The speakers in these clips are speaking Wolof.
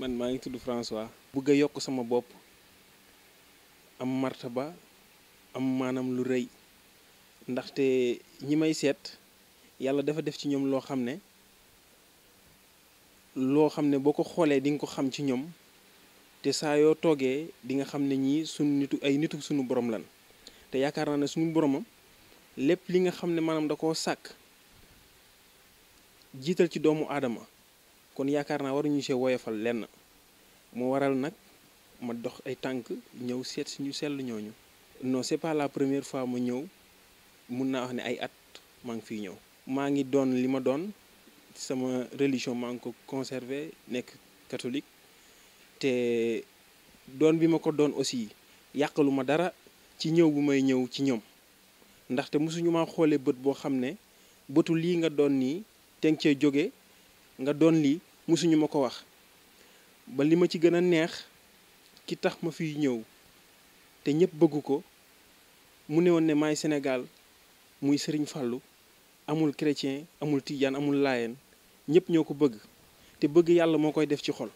man maa ngi tudd François bëgg a yokk sama bopp am ba am maanaam lu rëy ndaxte ñi may seet yàlla dafa def ci ñoom loo xam ne loo xam ne boo ko xoolee di ko xam ci ñoom te saa yoo toogee di nga xam ne ñii suñu nitu ay nitu suñu borom lan te yaakaar naa ne suñu boromam lépp li nga xam ne maanaam da koo sàkk jiital ci doomu aadama kon yaakaar naa war waruñu see woyofal lenn moo waral nag ma dox ay tànk ñëw seet si ñu sell ñooñu. non c'est pas la première fois ma ñëw mun naa wax ne ay at maa ngi fi ñëw. maa ngi doon li ma doon sama religion maa ngi ko conserver nekk katolik te doon bi ma ko doon aussi yàqalu ma dara ci ñëw bu may ñëw ci ñoom ndaxte mosuñu ma xoolee bët boo xam ne bëtu lii nga doon nii te cee jóge nga doon lii mosuñu ma ko wax ba li ma ci gën a neex ki tax ma fiy ñëw te ñëpp bëgg ko mu ne woon ne may Sénégal muy Serigne Fallou amul chrétien amul tijaan amul laayeen ñëpp ñoo ko bëgg te bëgg yàlla moo koy def ci xol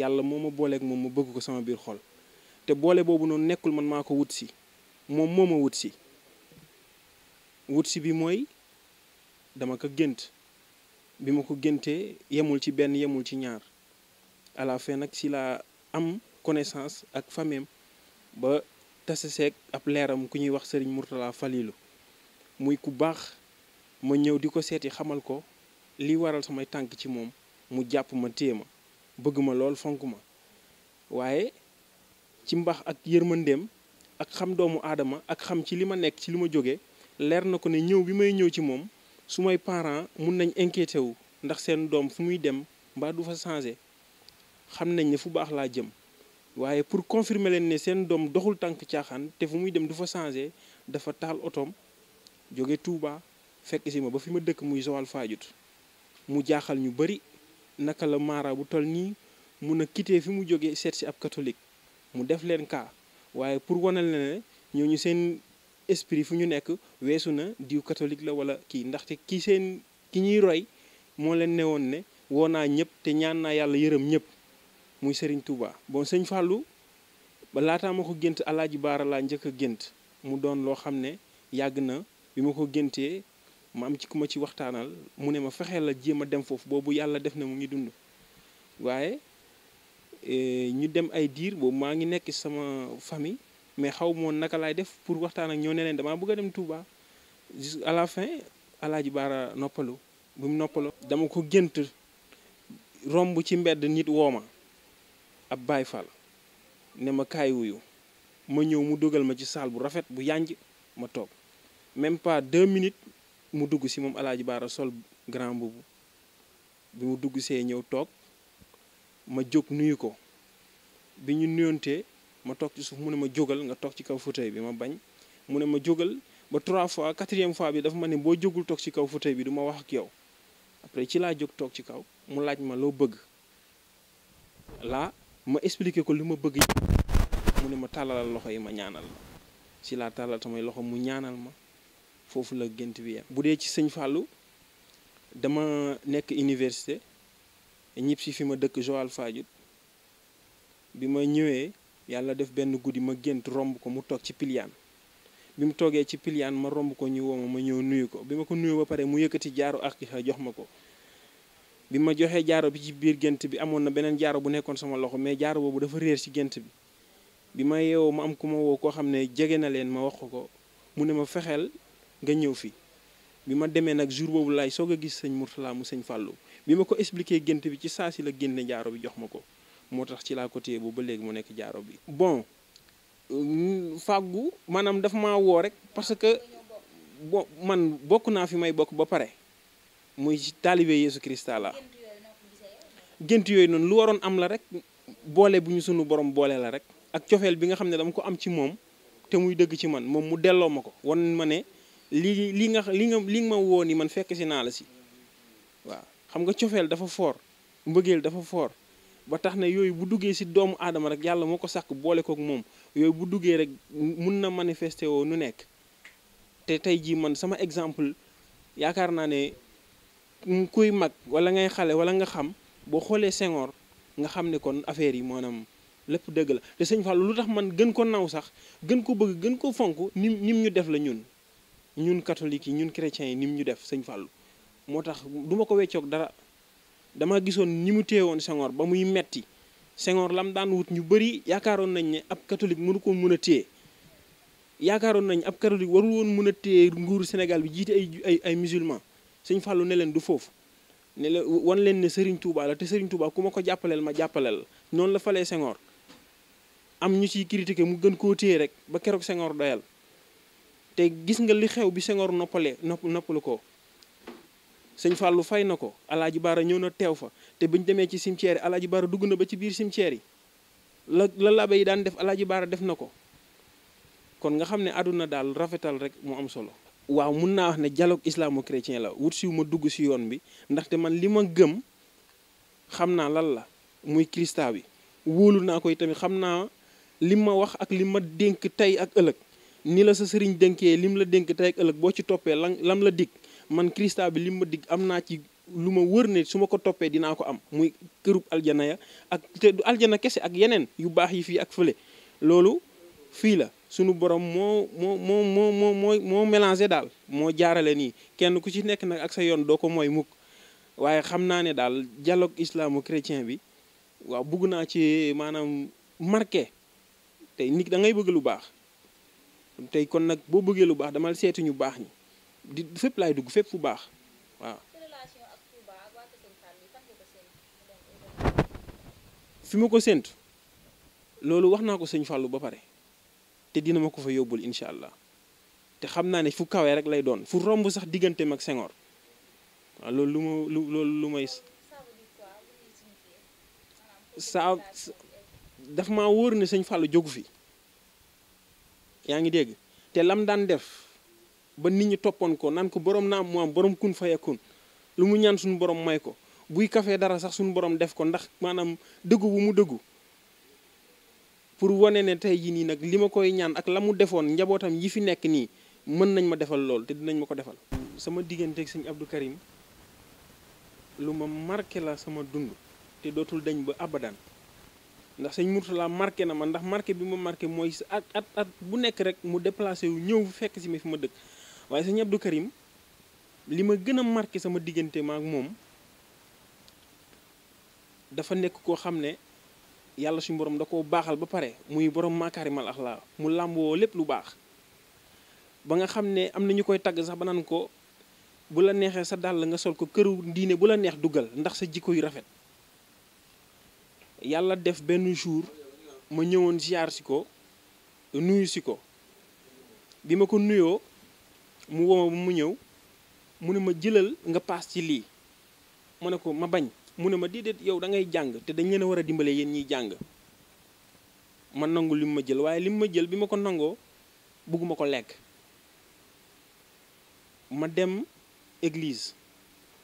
yàlla moo ma booleeg moom ma bëgg ko sama biir xol te boole boobu noonu nekkul man maa ko wut si moom moo ma wut si wut si bi mooy dama ko gént bi ma ko géntee yemul ci benn yemul ci ñaar à la fin nag ci laa am connaissance ak fameem ba tase seeg ab leeram ku ñuy wax sëriñ Mourtala Falilu muy ku baax ma ñëw di ko seeti xamal ko li waral samay tànk ci moom mu jàpp ma téye ma bëgg ma lool fonk ma waaye ci mbaax ak yërmandeem ak xam doomu aadama ak xam ci li ma nekk ci li ma jóge leer na ko ne ñëw bi may ñëw ci moom su may parent mun nañ inquiété wu ndax seen doom fu muy dem mbaa du fa changé xam nañ ne fu baax laa jëm waaye pour confirmer leen ne seen doom doxul tànk caaxaan te fu muy dem du fa changé dafa taal otoom jóge Touba fekk si ma ba fi ma dëkk muy Joal Fadiouth mu jaaxal ñu bëri naka la maara bu toll nii mun a quitté fi mu jóge seet ab katolik mu def leen kaa waaye pour wanal ne ñooñu seen esprit fu ñu nekk weesu na diw katolik la wala kii ndaxte ki seen ki ñuy roy moo leen newoon ne woo naa ñëpp te ñaan naa yàlla yërëm ñëpp muy sëriñ Touba bon sëñ Fallou ba laataa ma ko gént alaaji baara laa njëkk a gént mu doon loo xam ne yàgg na bi ma ko géntee ma am ci ku ma ci waxtaanal mu ne ma fexee la jéem a dem foofu boobu yàlla def na mu ngi dund waaye eh, ñu dem ay diir boobu maa ngi nekk sama famille mais xaw moon naka lay def pour waxtaan ak ñoo ne leen damaa bëgg a dem Touba jusqu'à la fin Alaaji Baara noppalu bu noppaloo dama ko gént romb ci mbedd nit ma ab Baay Faal ne ma kaay wuyu ma ñëw mu dugal ma ci saal bu rafet bu yànj ma toog même pas deux minutes mu dugg si moom Alaaji Baara sol grand boobu bi mu dugg see ñëw toog ma jóg nuyu ko bi ñu nuyontee ma toog ci suuf mu ne ma jógal nga toog ci kaw fauteuil bi ma bañ mu ne ma jógal ba trois fois quatrième fois bi dafa ma ne boo jógul toog ci kaw fauteuil bi du wax ak yow après ci laa jóg toog ci kaw mu laaj ma loo bëgg laa ma expliqué ko li ma bëgg mu ne ma tàllalal loxo yi ma ñaanal la ci laa tàllal samay loxo mu ñaanal ma foofu la gént bi yem bu dee ci sëñ fàllu dama nekk université ñibbisi fi ma dëkk Joal Fadiouth bi ma ñëwee yàlla def benn guddi ma gént romb ko mu toog ci piliyaan bi mu toogee ci piliyaan ma romb ko ñu woo ma ma ñëw nuyu ko bi ma ko nuyu ba pare mu yëkkati jaaro ak jox ma ko bi ma joxee jaaro bi ci biir gént bi amoon na beneen jaaro bu nekkoon sama mais jaaro boobu dafa réer ci gént bi bi ma yeewoo ma am ku ma woo koo xam ne jege na leen ma wax ko mu ne ma fexeel nga ñëw fi bi ma demee nag jour boobu laay soog a gis sëñ Mourtala mu sëñ Fallou bi ma ko expliqué gént bi ci saa si la génne jaaro bi jox ma ko moo tax ci laa ko téye boobu léegi mu nekk jaaro bi bon euh, fàggu maanaam dafa ma woo rek parce que bo man bokk naa fi may bokk ba pare muy taalibe Yeesu Krista la gént yooyu noonu lu waroon am la rek boole bu ñu sunu borom boole la rek ak cofeel bi nga xam ne dama ko am ci moom te muy dëgg ci man moom mu delloo ma ko wan ma ne lii li nga li nga li nga ma woo ni man fekk si naa la si waaw xam nga cofeel dafa foor mbëggeel dafa foor ba tax na yooyu bu duggee si doomu aadama rek yàlla moo ko sàkk boole kook moom yooyu bu duggee rek mun na manifester woo nu nekk te tey jii man sama exemple yaakaar naa ne kuy mag wala ngay xale wala nga xam boo xoolee Senghor nga xam ne kon affaire yi maanaam lépp dëgg la te sëñ Fallou lu tax man gën ko naw sax gën ko bëgg gën ko fonk ni nim ñu def la ñun ñun catholique yi ñun chrétiens yi nim ñu def sëñ Fallou moo tax du ko weccoog dara dama gisoon ni mu téye woon sengoor ba muy metti Senghor lam daan wut ñu bëri yaakaaroon nañ ne ab catholique mënu ko mun a téye yaakaaroon nañ ab catholique warul woon mun a téye nguuru senegal bi jiite ay ay ay musulman Sëñ Fallou ne leen du foofu ne la wan leen ne Serigne Touba te Serigne Touba ku ma ko jàppaleel ma jàppaleel noonu la fale sengoor am ñu ciy critiquer mu gën koo téye rek ba keroog Senghor doyal te gis nga li xew bi Senghor noppale nopp noppalu ko sëñ Fallou fay na ko alaaji baara ñëw na teew fa te buñ demee ci cimetière yi alaaji baara dugg na ba ci biir cimetière yi la la labe yi daan def alaaji baara def na ko kon nga xam ne àdduna daal rafetal rek mu am solo waaw mun naa wax ne dialogue islaamu chrétien la wut si ma dugg si yoon bi ndaxte man li ma gëm xam naa lan la muy Christa bi wóolu naa koy tamit xam naa li ma wax ak li ma dénk tey ak ëllëg ni la sa sëriñ dénkee mu la dénk te ëllëg boo ci toppee lan la dig man Christa bi li ma digg am naa ci lu ma wër ne su ma ko toppee dinaa ko am muy kërub aljana ya ak te du aljana kese ak yeneen yu baax yi fii ak fële loolu fii la sunu borom moo moo moo moo moo moo moo mélangé daal moo jaarale nii kenn ku ci nekk nag ak sa yoon doo ko mooy mukk waaye xam naa ne daal dialogue islaamu chrétien bi waaw bugg naa ci maanaam marke tey nit dangay ngay bëgg lu baax tey kon nag boo bëggee lu baax dama seetu ñu baax ñi di fépp laay dugg fépp fu baax waaw. fi ma ko séntu loolu wax naa ko sëñ Fallou ba pare te dina ma ko fa yóbbul incha allah te xam naa ne fu kawee rek lay doon fu romb sax diggante ak Senghor waaw loolu lu ma lu loolu lu may. saa daf ma wóor ne sëñ Fallou jógu fi yaa ngi dégg te lam daan def. ba nit ñi toppoon ko naan ko borom naam mu am borom kun fayakun lu mu ñaan suñu borom may ko buy kafee dara sax suñu borom def ko ndax maanaam dëggu bu mu dëggu pour wane ne tey jii nii nag li ma koy ñaan ak la mu defoon njabootam yi fi nekk nii mën nañ ma defal lool te dinañ ma ko defal. sama digganteeg sëñ Abdou Karim lu ma marqué la sama dund te dootul dañ ba abadan ndax sëñ Mourtala marqué na ma ndax marqué bi ma marqué mooy at at at bu nekk rek mu déplacé wu ñëw fekk si ma fi ma dëkk. waaye sëñ Abdou Karim li ma gën a marqué sama diggante ma ak moom dafa nekk koo xam ne yàlla suñu borom da ko baaxal ba pare muy borom makaarimal axlaa mu làmboo lépp lu baax ba nga xam ne am na ñu koy tagg sax ba naan ko bu la neexee sa dàll nga sol ko këru diine bu la neex dugal ndax sa jikko yu rafet yàlla def benn jour ma ñëwoon ziar si ko nuyu si ko bi ma ko nuyoo mu woo mu ñëw mu ne ma jëlal nga paas ci lii ma ne ko ma bañ mu ne ma déedéet yow da ngay jàng te dañ leen a war a dimbale yéen ñuy jàng ma nangu li ma jël waaye li mu ma jël bi ma ko nangoo bugguma ko lekk ma dem église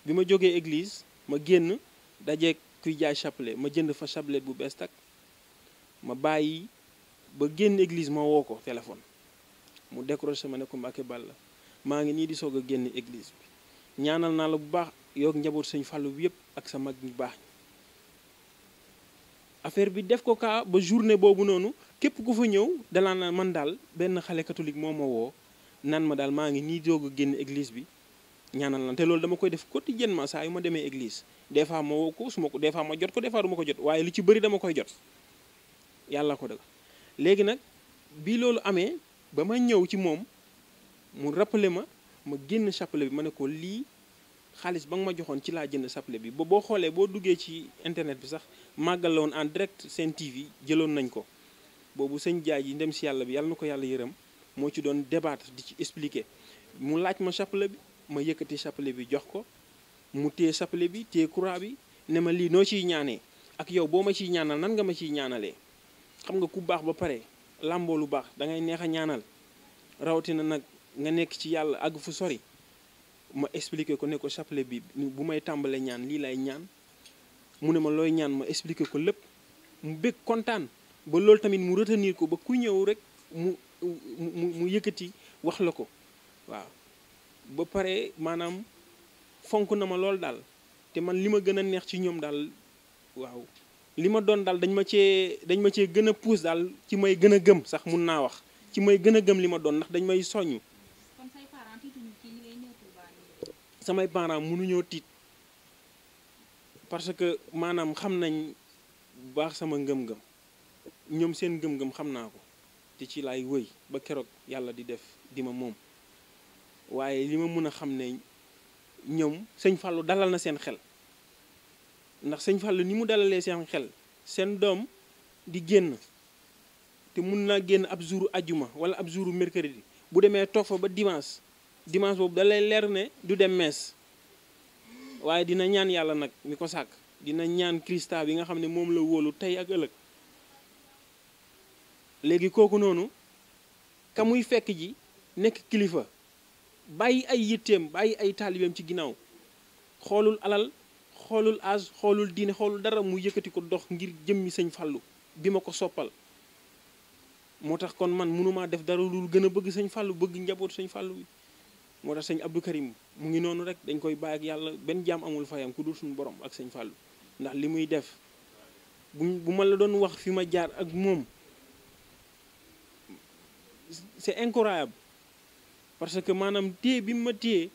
bi ma jógee eglise ma génn dajeeg kuy jaay chapelet ma jënd fa chapelet bu bees tak ma bàyyi ba génn église ma woo ko téléphone mu décroché ma ne ko Mbàkke Bàll la maa ngi nii di soog a génn église bi ñaanal naa la bu baax yoog njaboot sëñ Fallou bi yëpp ak sa mag ñu baax affaire bi def ko kaa ba journée boobu noonu képp ku fa ñëw dalaa na man daal benn xale catholique moom ma woo nan ma daal maa ngi nii doog a génn église bi ñaanal na te loolu dama koy def ma saa yu ma demee église des fois ma woo ko su ma ko des ma jot ko des ko jot waaye li ci bëri dama koy jot yàlla ko dëgg léegi nag bi loolu amee ba ma ñëw ci moom mu rappelé ma ma génn chapelet bi ma ne ko lii xaalis ba nga ma joxoon ci laa jënd chapelet bi ba boo xoolee boo duggee ci internet bi sax màggal la woon en direct seen TV jëloon nañ ko boobu sëñ jaay yi ndem si yàlla bi yàlla na ko yàlla yërëm moo ci doon débattre di ci expliquer mu laaj ma chapelet bi ma yëkkati chapelet bi jox ko mu téye chapelet bi téye croix bi ne ma lii noo ciy ñaanee ak yow boo ma ciy ñaanal nan nga ma ciy ñaanalee xam nga ku baax ba pare làmboo lu baax da ngay neex a ñaanal nga nekk ci yàlla ak fu sori ma expliqué ko ne ko chapelet bi bu may tàmbalee ñaan lii lay ñaan mu ne ma looy ñaan ma expliqué ko lépp mu bëgg kontaan ba loolu tamit mu retenir ko ba ku ñëw rek mu mu yëkkati wax la ko waaw ba pare maanaam fonk na ma lool daal te man li ma gën a neex ci ñoom daal waaw li ma doon daal dañ ma cee dañ ma cee gën a puus daal ci may gën a gëm sax mun naa wax ci may gën a gëm li ma doon ndax dañ may soññ samay parents mënuñoo tiit parce que maanaam xam nañ bu baax sama ngëm-ngëm ñoom seen ngëm-ngëm xam naa ko te ci laay wëy ba keroog yàlla di def di ma moom waaye li ma mën a xam ne ñoom sëñ Fallou dalal na seen xel ndax sëñ Fallou ni mu dalalee seen xel seen doom di génn te mun naa génn ab jour ajuma wala ab jour mercredi bu demee toog fa ba dimanche dimanche boobu da leer ne du dem mees waaye dina ñaan yàlla nag mi ko sàkk dina ñaan Christa bi nga xam ne moom la wóolu tey ak ëllëg léegi kooku noonu kamuy fekk ji nekk kilifa bàyyi ay yitteem bàyyi ay taalibeem ci ginnaaw xoolul alal xoolul âge xoolul diine xoolul dara mu yëkkati ko dox ngir jëmmi sëñ Fallou bi ma ko soppal moo tax kon man mënumaa def dara lu gën a bëgg sëñ fàllu bëgg njaboot sëñ Fallou bi moo tax sëñ Abdou Karim mu ngi noonu rek dañ koy bàyyi yàlla benn jaam amul fayam ku dul suñu borom ak sëñ Fallou ndax li muy def bu bu ma la doon wax fi ma jaar ak moom c'est incroyable parce que maanaam téye bi ma téye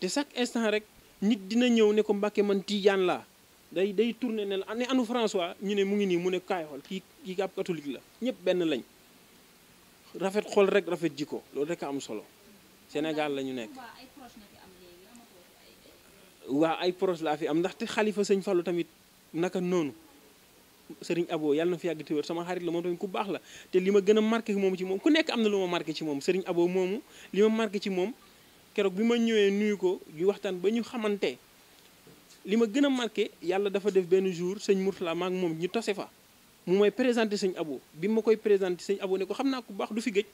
te chaque instant rek nit dina ñëw ne ko Mbàkke man tiijaan la day day tourné ne la ne anu François ñu ne mu ngi nii mu ne kaay xool kii kii ab catholique la ñëpp benn lañ rafet xool rek rafet ji ko loolu rek a am solo Sénégal la ñu nekk waa ay proche laa fi am ndaxte xalifa sëñ Fallou tamit naka noonu sëriñ Abo yàlla na fi yàgg te sama xarit la moom tamit ku baax la te li ma gën a marqué moom ci moom ku nekk am na lu ma marqué ci moom sëriñ Abo moomu li ma marqué ci moom keroog bi ma ñëwee nuyu ko ñu waxtaan ba ñu xamante li ma gën a marqué yàlla dafa def benn jour sëñ Mourtala maak moom ñu tase fa mu may présenté sëñ Abo bi ma koy présenté sëñ Abo ne ko xam naa ku baax du fi gëj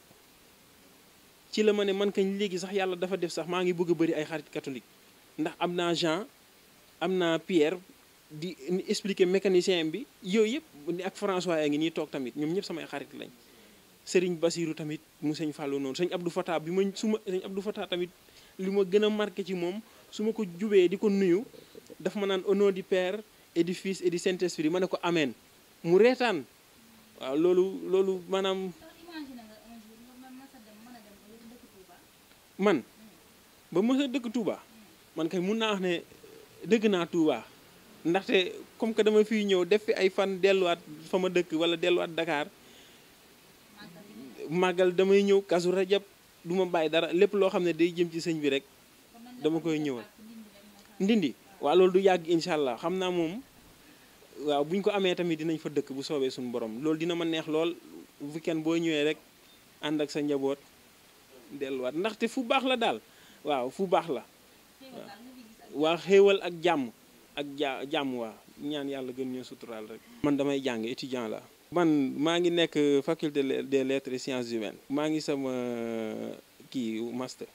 ci la ma ne man kañ léegi sax yàlla dafa def sax maa ngi bëgg a bëri ay xarit catholique ndax am naa Jean am naa Pierre di expliqué mécanicien bi yooyu yëpp ak François yaa ngi nii toog tamit ñoom ñëpp samay xarit lañ Serigne Bassirou tamit mu sëñ Fallou noonu sëñ du Fatah bi ma su ma sëñ du Fatah tamit li ma gën a marqué ci moom su ma ko jubee di ko nuyu dafa ma naan au nom du Père et du Fils et Saint-Esprit ma ne ko amen mu reetaan waaw loolu man ba mës a dëkk Touba man kay mun naa wax ne dëgg naa Touba ndaxte comme que dama fiy ñëw def fi ay fan delluwaat fa ma dëkk wala delluwaat dakaar màggal damay ñëw kasu rajab du ma bàyyi dara lépp loo xam ne day jëm ci sëñ bi rek dama koy ñëwal ndindi waa lool du yàgg incha allah xam naa moom waaw bu ñu ko amee tamit dinañ fa dëkk bu soobee suñu borom loolu dina ma neex lool bu kenn boo ñëwee rek ànd ak sa njaboot delluwaat ndaxte fu baax la daal waaw fu baax la waa xéewal ak jàmm ak ja jàmm waa ñaan yàlla gën ñoo suturaal rek man damay jàng étudiant la man maa ngi nekk faculté des lettres et sciences humaines maa ngi sama kii master